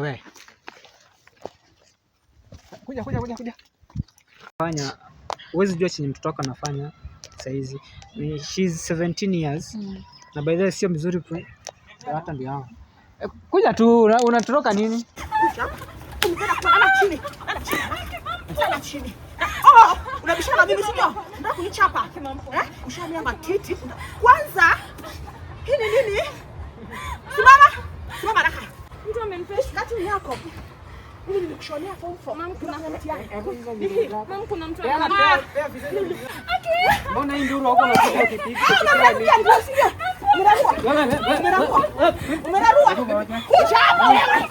wewe. Kuja kuja kuja kuja. Fanya huwezi jua chenye mtoto wako anafanya saizi. She is 17 years. Mm. Na by the way sio mzuri hata ndio hao. Eh, kuja tu unatoroka nini? Ah, oh, unabishana mimi sio? Unataka kunichapa? Eh? matiti. Kwanza hii ni nini? Simama. Simama raka. Mtu shikati yako. form Mama kuna eh, eh, mtu eh, Mama kuna ah! mtu Mbona hii nduru ah, Umerarua. Umerarua. Umerarua. Kuja wewe.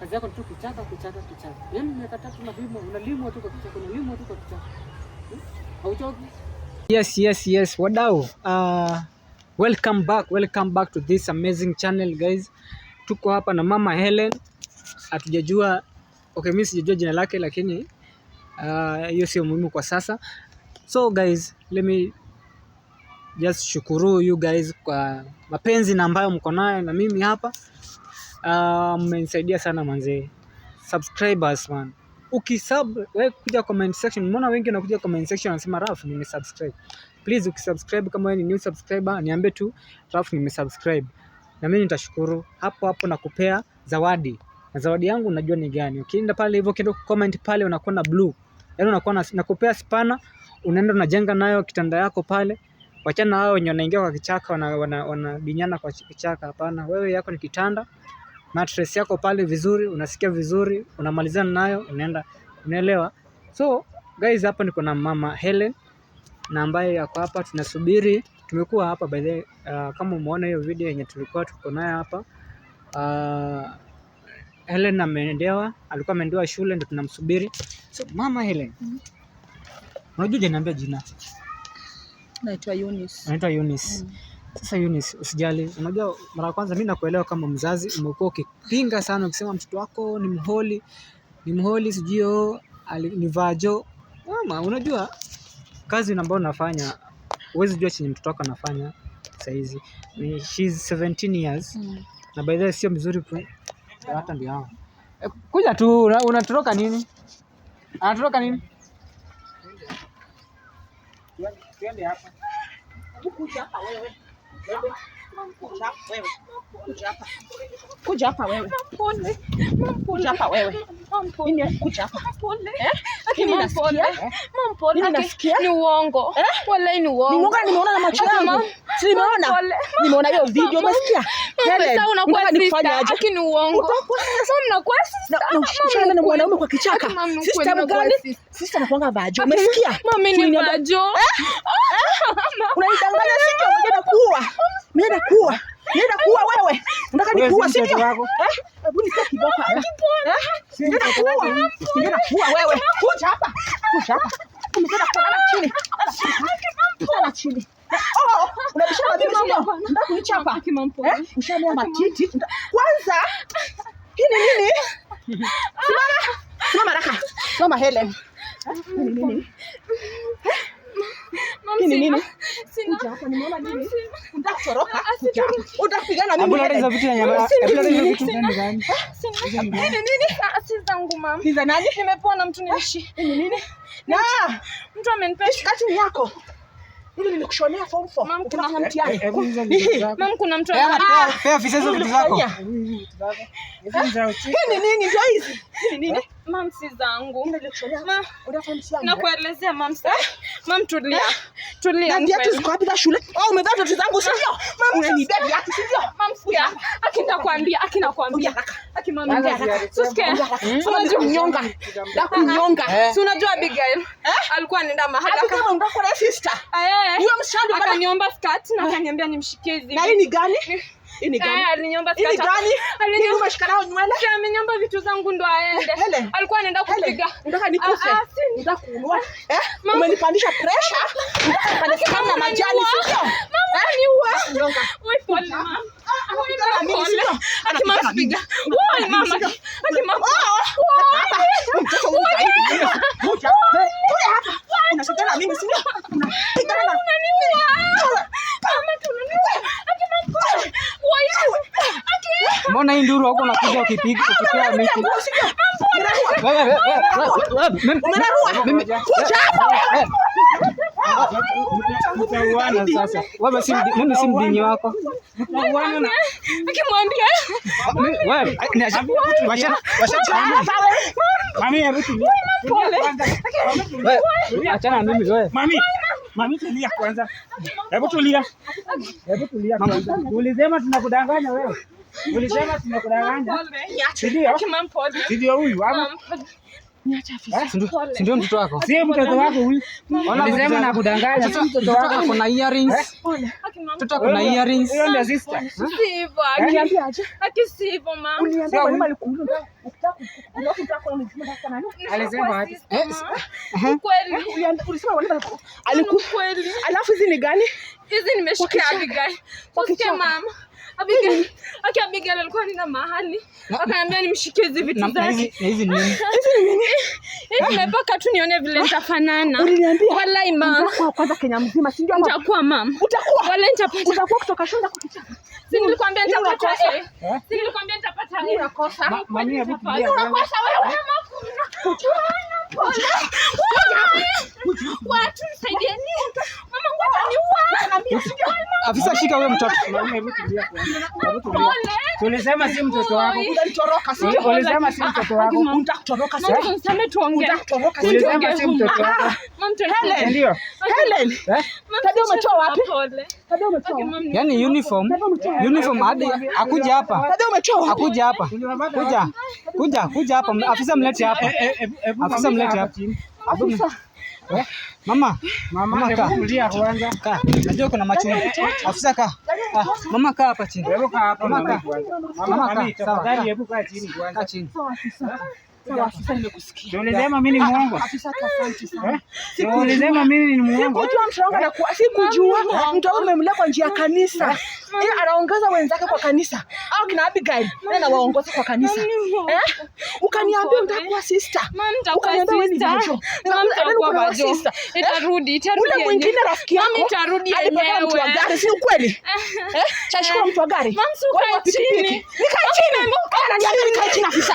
Kazi yako. tu kuchaka kuchaka kuchaka. Yaani miaka tatu unalimwa unalimwa tu kwa kuchaka unalimwa tu kwa kuchaka. Hmm? Hauchoki? Yes, yes, yes. Wadau. Uh, welcome back. Welcome back to this amazing channel guys tuko hapa na mama Helen, hatujajua okay, mimi sijajua jina lake, lakini uh, hiyo uh, sio muhimu kwa sasa. So guys, let me just shukuru you guys kwa mapenzi na ambayo mko nayo na mimi hapa uh, mmenisaidia sana manzee, subscribers man Ukisub wewe kuja comment section, mbona wengi wanakuja comment section wanasema Raf nimesubscribe. Please ukisubscribe, kama wewe ni new subscriber niambie tu Raf nimesubscribe na mimi nitashukuru hapo hapo na kupea zawadi. Na zawadi yangu unajua ni gani? Ukienda pale hivyo kidogo comment pale unakuwa na blue. Yaani unakuwa na nakupea spana, unaenda unajenga nayo kitanda yako pale. Wachana na hao wenye wanaingia kwa kichaka wanabinyana kwa kichaka hapana. Wewe yako ni kitanda. Mattress yako pale vizuri, unasikia vizuri, unamalizana nayo, unaenda unaelewa. So guys, hapa niko na Mama Helen na ambaye yako hapa tunasubiri Tumekuwa hapa by the uh, kama umeona hiyo video yenye tulikuwa tuko nayo hapa uh, Helen ameendewa, alikuwa ameendewa shule, ndio tunamsubiri. So mama Helen, mhm. unajua janiambia jina, naitwa Eunice, naitwa Eunice. Mm. Sasa Eunice, usijali, unajua mara ya kwanza mimi nakuelewa kama mzazi, umekuwa ukipinga sana ukisema mtoto wako ni mholi, ni mholi, sijui oh, ni vajo. Mama, unajua kazi ambayo unafanya huwezi jua chenye mtoto wako anafanya saizi she is 17 years mm. na by the way sio mzuri hata ndio hao eh, kuja tu unatoroka nini anatoroka nini tuende hapa huku hapa hapa. Kuja hapa. Kuja hapa wewe. Kuja hapa wewe. kuja hapa. Eh? Eh? Ni uongo. Eh? Wallahi ni uongo. Nimeona na macho yangu. Nimeona. Nimeona hiyo video umesikia? Sasa unakuwa sister, lakini uongo. Sasa mnakuwa sister. Mama ni mwanaume kwa kichaka. Sister gani? Sister anakuanga bajo. Umesikia? Eh? Mama ni bajo. Unaidanganya sikia mimi na kuua. Mimi nakuua. Mimi nakuua wewe. Unataka nikuua sio? Eh? Hebu nikaa kidogo hapa. Mimi kuua. Mimi na kuua wewe. Kuja hapa. Kuja hapa. Umekana kwa chini. Kwa chini unabishana ndio kunichapa eh? ushanua matiti kwanza. Hii ni nini? Simama, simama raka, simama Helen. Mtu ah, amenipesha kati yako mimi nimekushonea form 4. Mama kuna mtihani. Mama kuna mtu anataka. Pea vitu zako. Ni nini hizi? Ni nini? Eh? Mamsi zangu nakuelezea, mamsi. Mam, tulia ah. tulia. Viatu ziko wapi za shule? Oh, umevaa viatu zangu, sivyo? Unanidai haki, sivyo? Haki nakwambia, haki nakwambia, haki mama. Hmm? Unajua eh. si unajua Abigail eh? alikuwa anaenda mahali akaniomba na akaniambia nimshikie hizi. Na hii ni gani? Amenyomba vitu zangu ndo aende. Alikuwa anaenda kupiga. Ah, ah, ah, eh? Umenipandisha pressure. Kama majani sio? Mama, eh? Mbona hii nduru huko unakuja ukipiga ukipiga miti? Mimi mtauana sasa. Wewe si mimi si mdini wako. Akimwambia wewe Mami Achana mimi wewe. Mami. Mami tulia kwanza. Hebu tulia. Hebu tulia kwanza. Ulisema tunakudanganya wewe. Ulisema tunakudanganya. Ndio huyu ama? Ndio mtoto wako. Si mtoto wako huyu. Ulisema nakudanganya. Mtoto wako ako na earrings. Eh? Mtoto ako na earrings. Huyo ndio sister. Si hivyo. Akiniambia aje? Aki si hivyo mama. Uliambia mwalimu alikuuliza. Alafu hizi ni gani? Hizi nimeshikia hivi gani? Mama. Abigail alikuwa nina mahali, akaniambia nimshikie hizi vitu zake. Hizi ni nini? Hizi nimepaka tu nione vile nitafanana. Uliniambia walai ma. Kwanza Kenya mzima, si ndio? Utakuwa mam. Utakuwa. Wala nitapata. Utakuwa kutoka shunda kukicha. Si nilikwambia nitapata. Si nilikwambia nitapata. Unakosa. Unakosa wewe. Tunaita wewe mtoto. Tulisema si mtoto wako. Utatoroka si. Tulisema si mtoto wako. Utakutoroka si. Ulisema tuongee. Utakutoroka si. Tulisema si mtoto wako. Mama Helen. Ndio. Helen. Tadio umetoa wapi? Tadio umetoa. Yaani uniform. Uniform hadi akuja hapa. Tadio umetoa wapi? Akuja hapa. Kuja. Kuja, kuja hapa. Afisa mlete hapa. Afisa mlete hapa. Afisa. Mama, mama, mama kaa. Kulia kwanza. Kaa. Najua kuna machungu. Afisa kaa. Ah, mama kaa hapa chini. Hebu kaa hapa mama. Mama kaa. Tafadhali hebu kaa chini kwanza. Kaa chini. Ulisema ah, ah, eh? Sikujua mtu eh? umemlea kwa njia ya eh? kanisa, anaongeza wenzake kwa kanisa au kina Abigail anawaongoza kwa kanisa. Ukaniambia utakuwa sister, ukaniambia wewe ni bajo, yaani ule mwingine rafiki yako alipata mtu wa gari, si ukweli? Chashika mtu wa gari, nikae chini, ananiambia nikae chini afisa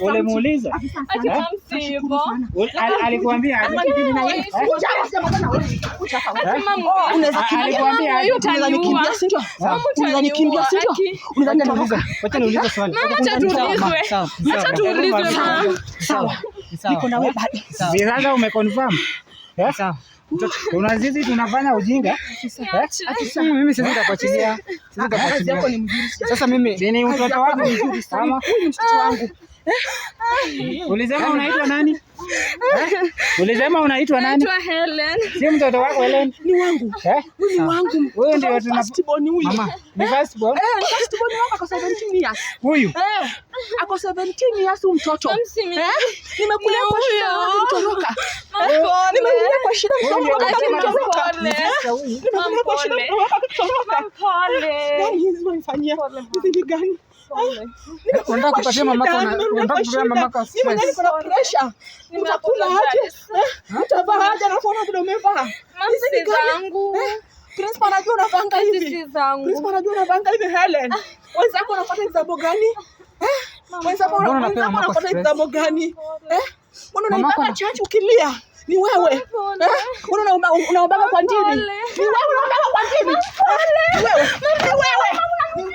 Ulimuuliza? Alikuambia umeconfirm? Sawa. Unazizi tunafanya ujinga. Mimi siwezi kukuachilia. Eh? Sasa mimi ah, ni mtoto wangu mzuri sana. Huyu mtoto ah. wangu. Eh? Ah. Ulisema unaitwa nani? Eh? Ulisema unaitwa nani? Naitwa Helen. Si mtoto wako Helen? Ni wangu. Eh? Ni wangu. Wewe ndio tuna first born huyu. Mama, ni eh? first born? Eh, first born wako kwa 17 years. Huyu. Eh. Ako 17 years mtoto. Eh? Nimekulea kwa shida mtoroka. Eh? Nimekulea kwa shida mtoroka. Nimekulea kwa shida mtoroka. Nimekulea kwa shida mtoroka. Nimekulea kwa shida mtoroka. Nimekulea kwa Unataka kupatia mamako na unataka kupatia mamako stress. Mimi niko na pressure. Nitakula aje? Eh? Utavaa aje na kuona vile umevaa? Hizi zangu. Eh? Principal anajua unavanga hivi. Hizi zangu. Principal anajua unavanga hivi Helen. Ah. Wenzako unapata example gani? Eh? Wenzako unapata example gani? Eh? Mbona unaibaka chachu ukilia? Ni wewe. Unaona eh? unaubaka kwa ndimi. Ni wewe unaubaka kwa ndimi. Ni wewe. Ni wewe.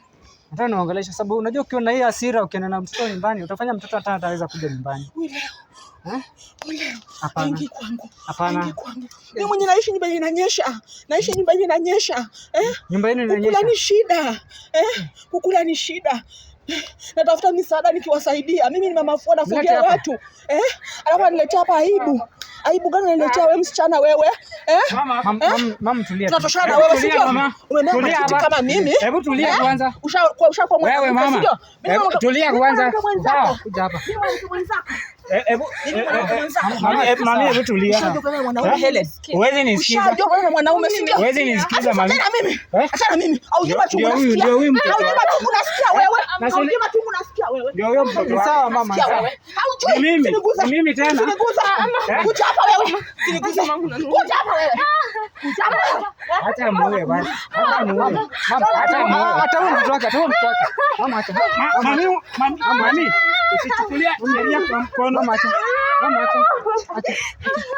Nataka niwaongelesha sababu unajua ukiwa na hii hasira ukienda na mtoto nyumbani utafanya mtoto hata ataweza kuja nyumbani. Eh? Hapana. Hapana. Mimi mwenye naishi nyumba inanyesha. Naishi nyumba inanyesha. Eh? Nyumba yenu inanyesha. Kukula ni shida. Eh? Kukula ni shida. Eh? Natafuta misaada nikiwasaidia. Mimi ni mama fuada fudia watu. Eh? Alafu aniletea hapa aibu. Aibu gani unaniletea wewe msichana wewe? Eh? Mama, eh? mama tulia. Tunatoshana wewe sio? Umemea kama mimi. Hebu tulia eh? kwanza. usha ushakuwa mwanamke sio? Wewe mama. Hebu tulia kwanza. Eh? Sawa, kuja hapa. wewe. Sawa hapa wewe. Sinikuza mwangu na nuru. Kuja hapa wewe. Acha muue basi. Acha muue. Mama acha muue. Acha muue mtoto wake, acha muue mtoto wake. Mama acha. Mami, mami. Usichukulia sheria kwa mkono. Mama acha. Mama acha. Acha.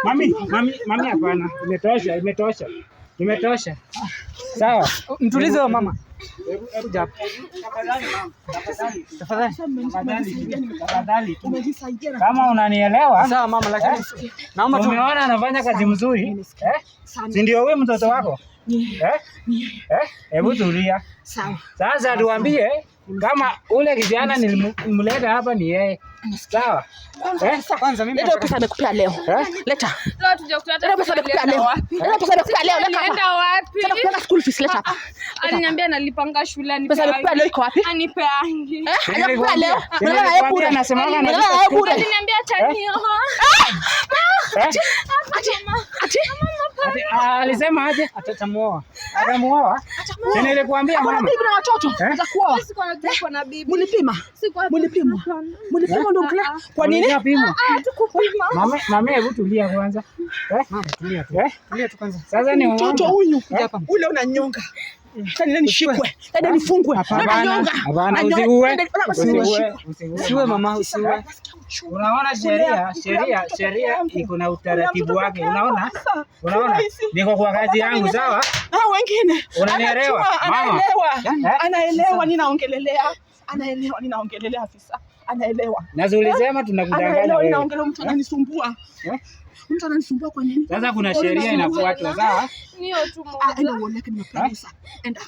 Mami, mami, mami hapana. Imetosha, imetosha. Nimetosha. Sawa. Mtulize wa mama. Kama unanielewa. Sawa mama, lakini eh? naomba tu. Umeona anafanya kazi mzuri? Eh? Si ndio wewe mtoto wako? Eh? Eh? Hebu tulia. Sawa. Sasa tuambie kama ule kijana nilimleta hapa ni yeye. Sawa. Eh? Kwanza mimi leta pesa nimekupea leo. Eh? Leta. Leo pesa nimekupea leo. Leta pesa nimekupea leo. Alienda eh? wapi? Tena school fees leta ah, ah. Aliniambia nalipanga shule ni Pesa nimekupea leo iko wapi? Anipe angi. Eh, alikupea leo. Na yeye bure anasema ana. Ndio bure. Aliniambia tanio. Ah! Ati ati ati alisema aje atamuoa. Atamuoa. Nilikuambia mama. Kuna bibi na watoto eh? za kuoa. Siko na bibi. Mlipima. Mlipima. Ah, ah. Mlipima ndio ah, kula. Kwa nini? Hatukupima. Mama, mama hebu tulia kwanza. Eh? Mama tulia tu. Eh? Tulia tu kwanza. Sasa ni mtoto huyu kuja eh? hapa. Ule unanyonga. Nenda nishikwe, nenda nifungwe, nenda Hapana, usiue, usiue, mama, usiue. Unaona sheria, sheria, sheria iko na utaratibu wake. Unaona, unaona, niko kwa kazi yangu, sawa? Hao ah, wengine unanielewa mama, eh? anaelewa ninaongelelea, anaelewa ninaongelelea afisa anaelewa. Naziulizema tunakudanganya. Unaongelea mtu eh? ananisumbua. Eh? Mtu ananisumbua kwa nini? Sasa kuna sheria inafuatwa, sawa? Niyo tu. Ah, uoneke na producer. Enda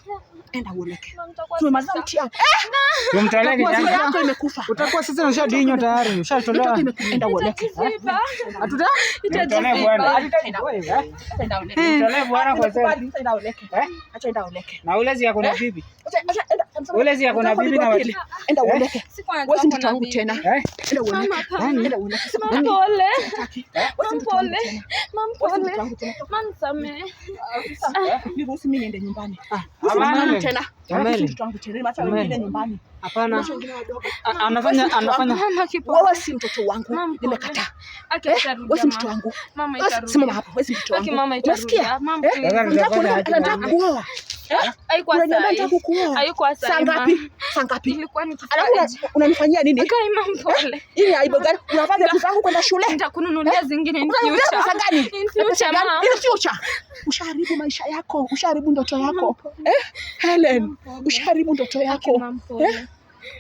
enda ueleke. Tumemaliza mtihani. Eh, Tumtolee kijana yako imekufa. Utakuwa sasa unasha dinyo tayari, ushatolewa. Enda ueleke. Hatuta? Tumtolee eh? Enda ueleke. Tumtolee bwana kwa sasa. Enda ueleke. Eh? Acha enda ueleke. Na ulezi yako na bibi. Ulezi yako na bibi na watoto. Enda ueleke. Wewe si mtoto wangu tena. Enda ueleke. Yaani, enda ueleke. Mampole. Mampole. Mampole. Mamsame. Mimi niende nyumbani. Ah, Amani. Turn off. Hapana, Wewe si mtoto wangu, nimekataa. Eh, wewe si mtoto wangu, simama hapo. Wewe si mtoto wangu, unasikia? Eh, Nataka kuoa eh, unanifanyia nini? Hii aibu gani? Unafanya vitu zangu kwenda shule, Ushaharibu maisha yako, ushaharibu ndoto yako Helen usharibu ndoto yako eh?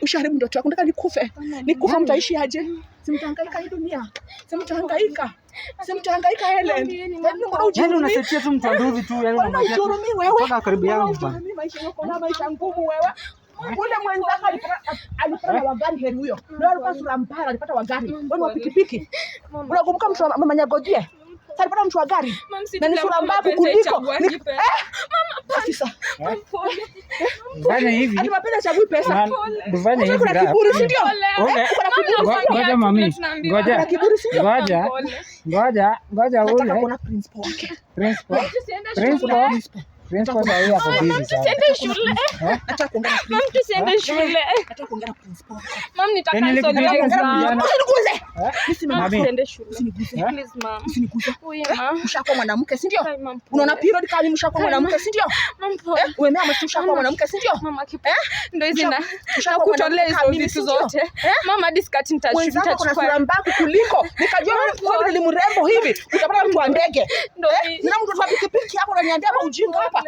Ushaharibu ndoto yako, nataka nikufe. Nikufa mtaishi aje? Simtahangaika hii dunia, simtahangaika simtahangaika Helen. Yani yaani unasetia tu mtanduzi tu, yani unajurumi wewe, karibu yangu bwana, maisha yako na maisha ngumu wewe ule mwenzako alipata na eh? wagari heri huyo, ndio alikuwa sura mbaya, alipata wagari wewe wa pikipiki, unakumbuka mtu mama Nyagodie Salipata mtu wa gari na ni sura mbavu kuliko Ngoja ngoja ule. Ushakuwa mwanamke si ndio? Unaona period kali, mshakuwa mwanamke si ndio? Eh, Ushakuwa mwanamke si ndio? Eh? Ndio hizi eh? na kutolea hizo vitu zote. Mama discard nitachukua. Kuna sura mbaya kuliko nikajua wewe ni mrembo hivi, utapata mtu wa ndege. Ndio. Na mtu wa pikipiki hapo unaniambia ujinga hapa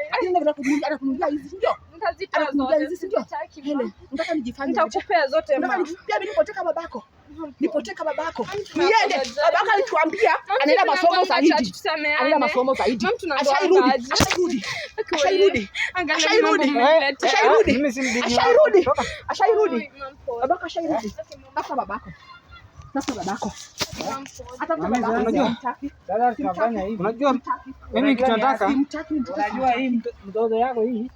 nipoteka babako, nipoteka babako, niende. Babako alituambia anaenda masomo zaidi, anaenda masomo zaidi, ashairudi, ashairudi, ashairudi, ashairudi, eh, ashairudi, babako ashairudi, tafuta eh? babako sasa babako unajua mimi kichotaka, unajua hii mtoto yako hii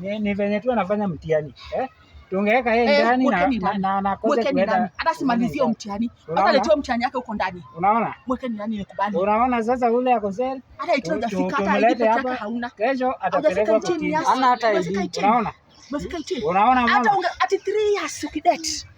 ni venye tu anafanya mtihani eh? Tungeweka yeye eh, ndani na anakosa kwenda, hata simalizie mtihani, hata letea mtihani yake huko ndani. Unaona, mweke ni nikubali. Unaona sasa, ule ako sel, hata itoe hujafika, hata ile hapa hauna, kesho atapelekwa kotini, hana hata ID. Unaona, Unaona, hata ati 3 years ukidate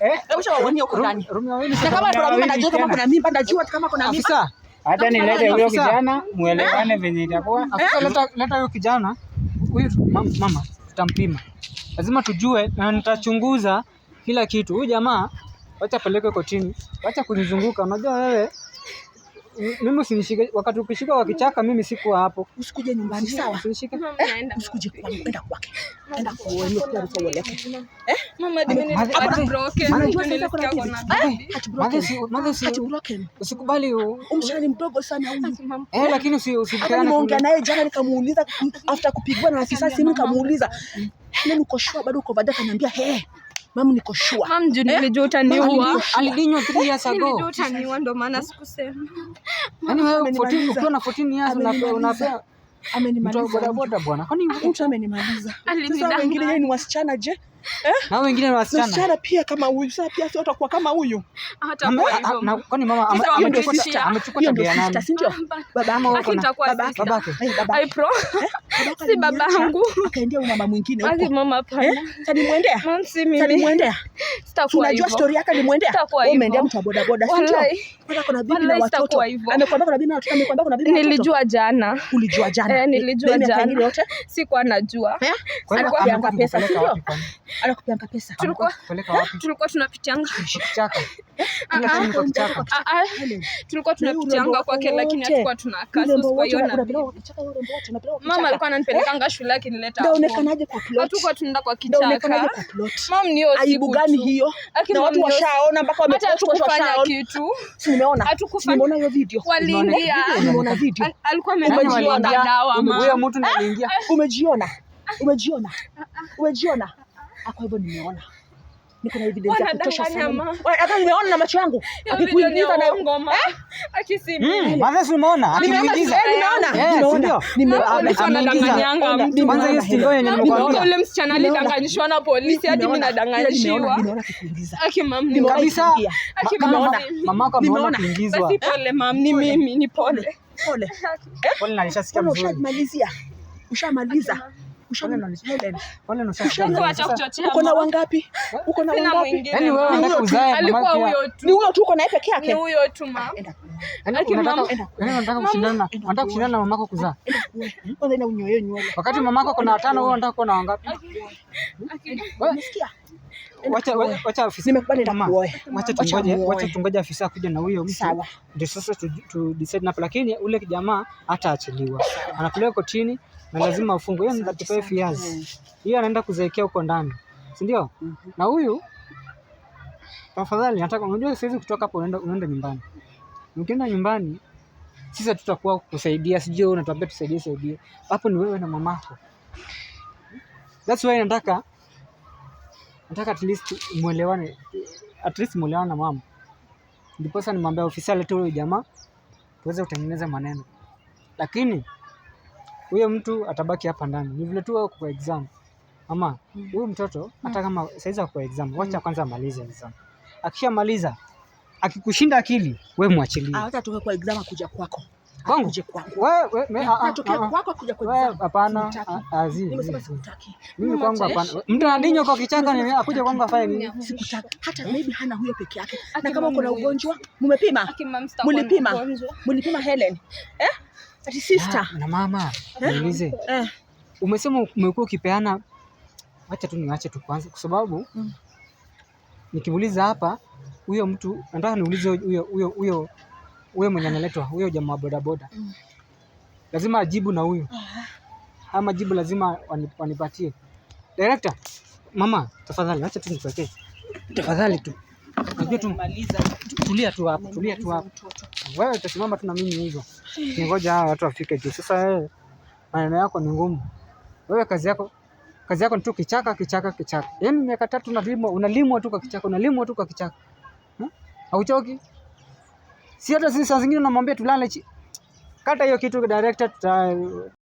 eh, hata nilete huyo kijana muelewane eh? venye itakuwa. Eh? Afisa, leta huyo kijana huyu mama, tutampima lazima tujue, na nitachunguza kila kitu. Huyu jamaa wacha peleke kotini, wacha kunizunguka. Unajua wewe mimi usinishike, wakati ukishika kwa kichaka mimi siku hapo. Usikuje nyumbani sawa? Usinishike. Usikuje kwangu, enda kwake. Enda kwa ni kwa ruhusa wale. Eh? Mama dimi hapa broken. Mama si hati broken. Usikubali huo. Umshali mdogo sana huyu. Eh, lakini usi usikana. Nimeongea naye jana nikamuuliza after kupigwa na afisa simu nikamuuliza. Mimi niko sure bado uko badaka, ananiambia eh. Mam, niko sure. Mam, juu nilijua eh? utaniua. Alidinywa 3 years ago. Nilijua utaniua ndio maana sikusema. Yaani wewe 14 ukiwa na 14 years unapewa unapewa amenimaliza. Boda boda bwana. Kwani mtu amenimaliza. Sasa wengine ni wasichana je? Eh? na wengine ni wasichana. Msichana pia kama huyu sasa pia sio atakuwa kama huyu. Hata kwa hivyo. Kwani mama amechukua amechukua tabia nani? Si ndio? Baba ama wako na eh? baba yake. Hai baba. Hai pro. Si baba yangu. Akaendea huyu mama mwingine huko. Basi mama pana. Tani eh? muendea? mimi. Tani muendea? Sitakuwa hivyo. Unajua story yake ni muendea? Sitakuwa hivyo. umeendea mtu wa boda boda, si Kwanza kuna bibi na watoto. Amekwambia kuna bibi na watoto, amekwambia kuna bibi na watoto. Nilijua jana. Ulijua jana. Eh, nilijua jana. Sikuwa najua. Alikuwa anapesa, pesa sio? Ala kupanga pesa. Tulikuwa tulikuwa tunapitianga. Ah, ah. Tulikuwa tunapitianga kwake lakini hatukuwa tunakaa. Mama alikuwa ananipelekanga shule akinileta hapo. Eh? Unaonekanaje kwa plot? Hatukuwa tunaenda kwa kichaka. Mom ni aibu gani hiyo? Na watu washaona mpaka wamekufanya kitu. Si umeona? hiyo video? Waliingia. Umeona video? Alikuwa amejiona dawa mama. Huyo mtu ndiye aliingia. Ah, Umejiona? Umejiona? Umejiona? Ah, kwa hivyo nimeona niko na evidence ya kutosha sana. Hata nimeona na macho yangu akikuingiza na ngoma. Mwanzo eh? si umeona mm, akikuingiza. Nimeona. Nimeona. nimeona. Kwanza hiyo stingo yenye nimekuambia. yule msichana alidanganyishwa na polisi hadi mimi nadanganyishwa. Nimeona akikuingiza. Yaani kabisa. mama Mamako ameona kuingizwa. Basi pole mam, ni mimi ni pole. Pole. Pole na nishasikia mzuri. Ushamalizia. Ushamaliza. Uko na wangapi? Uko na wangapi? Yaani Ni huyo tu uko naye peke yake. Unataka kushindana na mamako kuzaa wakati mamako kuna watano, wewe unataka kuwa na wangapi? Wacha tungoja afisa kuja na huyo mtu ndio sasa tu decide napo, lakini ule jamaa achiliwa anapelekwa kotini na lazima afungwe. Hiyo nitatoa fiazi hiyo, anaenda kuzeekea huko ndani, si ndio? mm -hmm. na huyu tafadhali, nataka unajua, siwezi kutoka hapo, unaenda unaenda nyumbani. Ukienda nyumbani, sisi tutakuwa kusaidia, sijui unatuambia tusaidie saidie, hapo ni wewe na mamako. That's why nataka nataka at least muelewane, at least muelewane na mama, Ndipo ndiposa nimwambia ofisa lete huyo jamaa tuweze kutengeneza maneno, lakini huyo mtu atabaki hapa ndani. Ni vile tu kwa exam ama huyu mtoto hata kama saizi kwa exam, wacha kwanza amalize exam. Akishamaliza akikushinda akili, wewe muachilie. Ah, hata tuwe kwa exam akuja kwako kwangu hapana, ah, ah, mimi kwangu hapana. Mtu anadinyo kwa kichanga akuja kwangu afanye nini? Sikutaki hata maybe hana huyo peke yake, na kama uko na ugonjwa mumepima, mlipima, mlipima Helen eh Ati sister. Na mama, eh? niulize. Eh. Umesema umekuwa ukipeana, wacha tu niwache tu kwanza kwa sababu mm. Nikimuuliza hapa huyo mtu nataka niulize huyo huyo huyo huyo mwenye analetwa huyo jamaa wa bodaboda mm. Lazima ajibu na huyu haya ah. majibu lazima wanipatie. Director, mama tafadhali, acha tu nipekee tafadhali tu Tulia tu hapo, tulia tu hapo. Wewe utasimama tu na mimi hivyo, ningoja hawa watu wafike juu. Sasa wewe maneno yako ni ngumu, wewe kazi yako kazi yako ni tu kichaka kichaka kichaka, yaani miaka tatu unalimwa unalimwa tu kwa kichaka, unalimwa tu kwa kichaka, hmm? hauchoki? Si hata saa zingine unamwambia tulale, kata hiyo kitu director tuta